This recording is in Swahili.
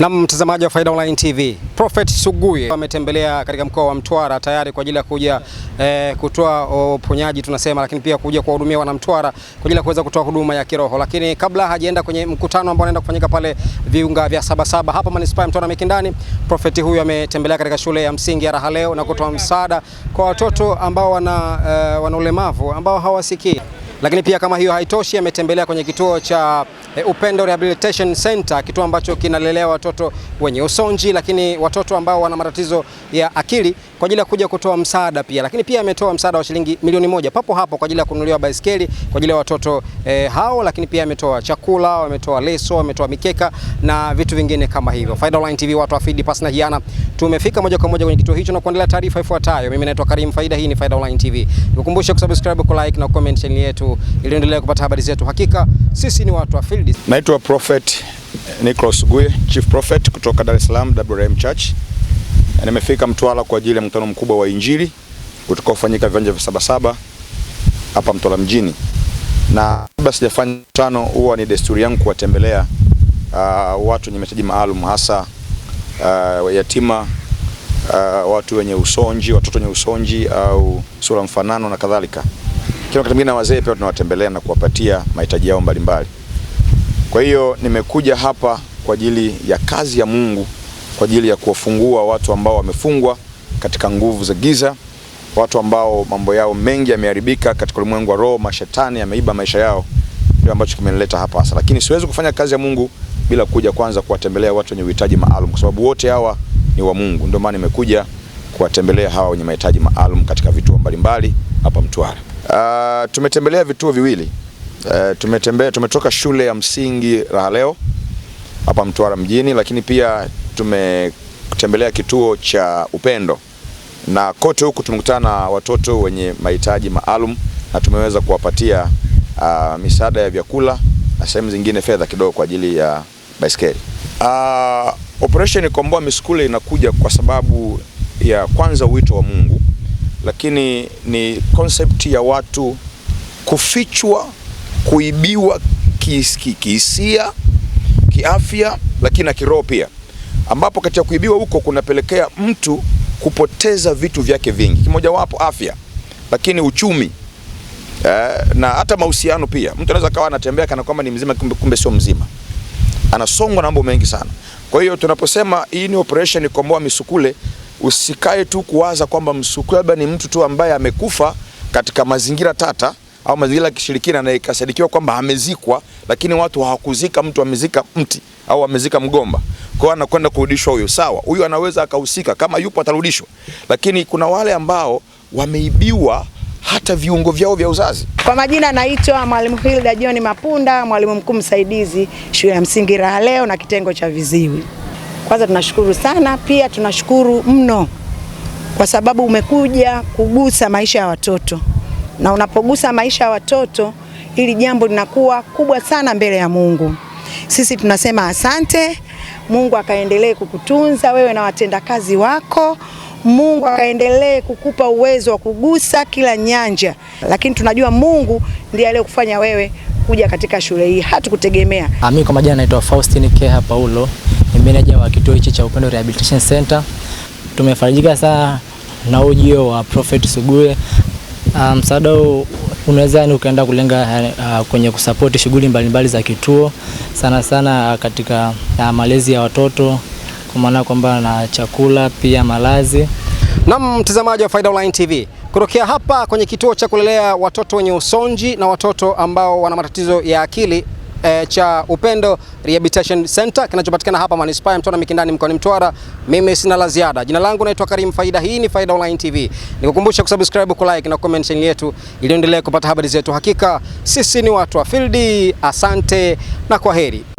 Na mtazamaji wa Faida Online TV, Prophet Suguye ametembelea katika mkoa wa Mtwara tayari kwa ajili ya kuja eh, kutoa oh, uponyaji tunasema, lakini pia kuja kuwahudumia wanamtwara kwa ajili ya kuweza kutoa huduma ya kiroho. Lakini kabla hajaenda kwenye mkutano ambao anaenda kufanyika pale viunga vya Sabasaba hapa manispaa ya Mtwara Mikindani, Prophet huyu ametembelea katika shule ya msingi ya Rahaleo na kutoa msaada kwa watoto ambao wana, uh, wana ulemavu ambao hawasikii. Lakini pia kama hiyo haitoshi, ametembelea kwenye kituo cha e, Upendo Rehabilitation Center, kituo ambacho kinalelea watoto wenye usonji, lakini watoto ambao wana matatizo ya akili kwa ajili ya kuja kutoa msaada pia. Lakini pia ametoa msaada wa shilingi milioni moja papo hapo kwa ajili ya kununuliwa baisikeli kwa ajili ya watoto e, hao. Lakini pia ametoa chakula, ametoa leso, ametoa mikeka na vitu vingine kama hivyo. Faida Online TV, watu afidi na hiana, tumefika moja kwa moja kwenye kituo hicho na kuendelea taarifa ifuatayo. Mimi naitwa Karim Faida, hii ni Faida Online TV. Nikukumbusha kusubscribe, kulike na comment channel yetu ili endelee kupata habari zetu. Hakika sisi ni watu wa field. Naitwa Prophet Nicholas Guye, Chief Prophet kutoka Dar es Salaam WRM Church. Nimefika Mtwara kwa ajili ya mkutano mkubwa wa Injili utakaofanyika viwanja vya Sabasaba hapa Mtwara mjini, na kabla sijafanya mkutano, huwa ni desturi yangu kuwatembelea uh, watu wenye mahitaji maalum hasa uh, yatima uh, watu wenye usonji, watoto wenye usonji au sura mfanano na kadhalika. Kila wakati mwingine wazee pia tunawatembelea na kuwapatia mahitaji yao mbalimbali. Kwa hiyo nimekuja hapa kwa ajili ya kazi ya Mungu, kwa ajili ya kuwafungua watu ambao wamefungwa katika nguvu za giza, watu ambao mambo yao mengi yameharibika katika ulimwengu wa roho, mashetani yameiba maisha yao. Ndio ambacho kimenileta hapa hasa, lakini siwezi kufanya kazi ya Mungu bila kuja kwanza kuwatembelea watu wenye uhitaji maalum, kwa sababu wote hawa ni wa Mungu. Ndio maana nimekuja kuwatembelea hawa wenye mahitaji maalum katika vituo mbalimbali hapa Mtwara. Uh, tumetembelea vituo viwili uh, eh, tumetembea, tumetoka shule ya msingi Rahaleo hapa Mtwara mjini, lakini pia tumetembelea kituo cha Upendo na kote huku tumekutana na watoto wenye mahitaji maalum na tumeweza kuwapatia uh, misaada ya vyakula na sehemu zingine fedha kidogo kwa ajili ya baiskeli. Uh, operation Komboa Misukule inakuja kwa sababu ya kwanza wito wa Mungu lakini ni konsepti ya watu kufichwa, kuibiwa kihisia, kiafya, lakini na kiroho pia, ambapo katika kuibiwa huko kunapelekea mtu kupoteza vitu vyake vingi, kimojawapo afya, lakini uchumi eh, na hata mahusiano pia. Mtu anaweza kawa anatembea kana kwamba ni mzima, kumbe, kumbe sio mzima, anasongwa na mambo mengi sana. Kwa hiyo tunaposema hii ni operation komboa misukule usikae tu kuwaza kwamba msukule labda ni mtu tu ambaye amekufa katika mazingira tata au mazingira ya kishirikina na ikasadikiwa kwamba amezikwa, lakini watu hawakuzika mtu, amezika mti au amezika mgomba, kwa hiyo anakwenda kurudishwa huyo. Sawa, huyu anaweza akahusika, kama yupo atarudishwa, lakini kuna wale ambao wameibiwa hata viungo vyao vya uzazi. Kwa majina naitwa Mwalimu Hilda John Mapunda, mwalimu mkuu msaidizi shule ya msingi Raha Leo na kitengo cha viziwi. Kwanza tunashukuru sana, pia tunashukuru mno kwa sababu umekuja kugusa maisha ya watoto, na unapogusa maisha ya watoto ili jambo linakuwa kubwa sana mbele ya Mungu. Sisi tunasema asante. Mungu akaendelee kukutunza wewe na watendakazi wako. Mungu akaendelee kukupa uwezo wa kugusa kila nyanja, lakini tunajua Mungu ndiye aliyokufanya wewe kuja katika shule hii, hatukutegemea. Mimi kwa majina naitwa faustin Keha Paulo ni meneja wa kituo hichi cha Upendo Rehabilitation Center. Tumefarijika sana na ujio wa Prophet Sugule. Ah, msaada um, huu unaweza ni yaani ukaenda kulenga uh, kwenye kusapoti shughuli mbalimbali za kituo sana sana katika uh, malezi ya watoto kwa maana kwamba na chakula pia malazi. Na mtazamaji wa Faida Online TV, kutokea hapa kwenye kituo cha kulelea watoto wenye usonji na watoto ambao wana matatizo ya akili e, cha Upendo Rehabilitation Center kinachopatikana hapa manispaa ya Mtwara Mikindani mkoani Mtwara. Mimi sina la ziada. Jina langu naitwa Karim Faida. Hii ni Faida Online TV. Nikukumbusha kusubscribe, kulike na comment channel yetu ili endelee kupata habari zetu. Hakika sisi ni watu wa field. Asante na kwaheri.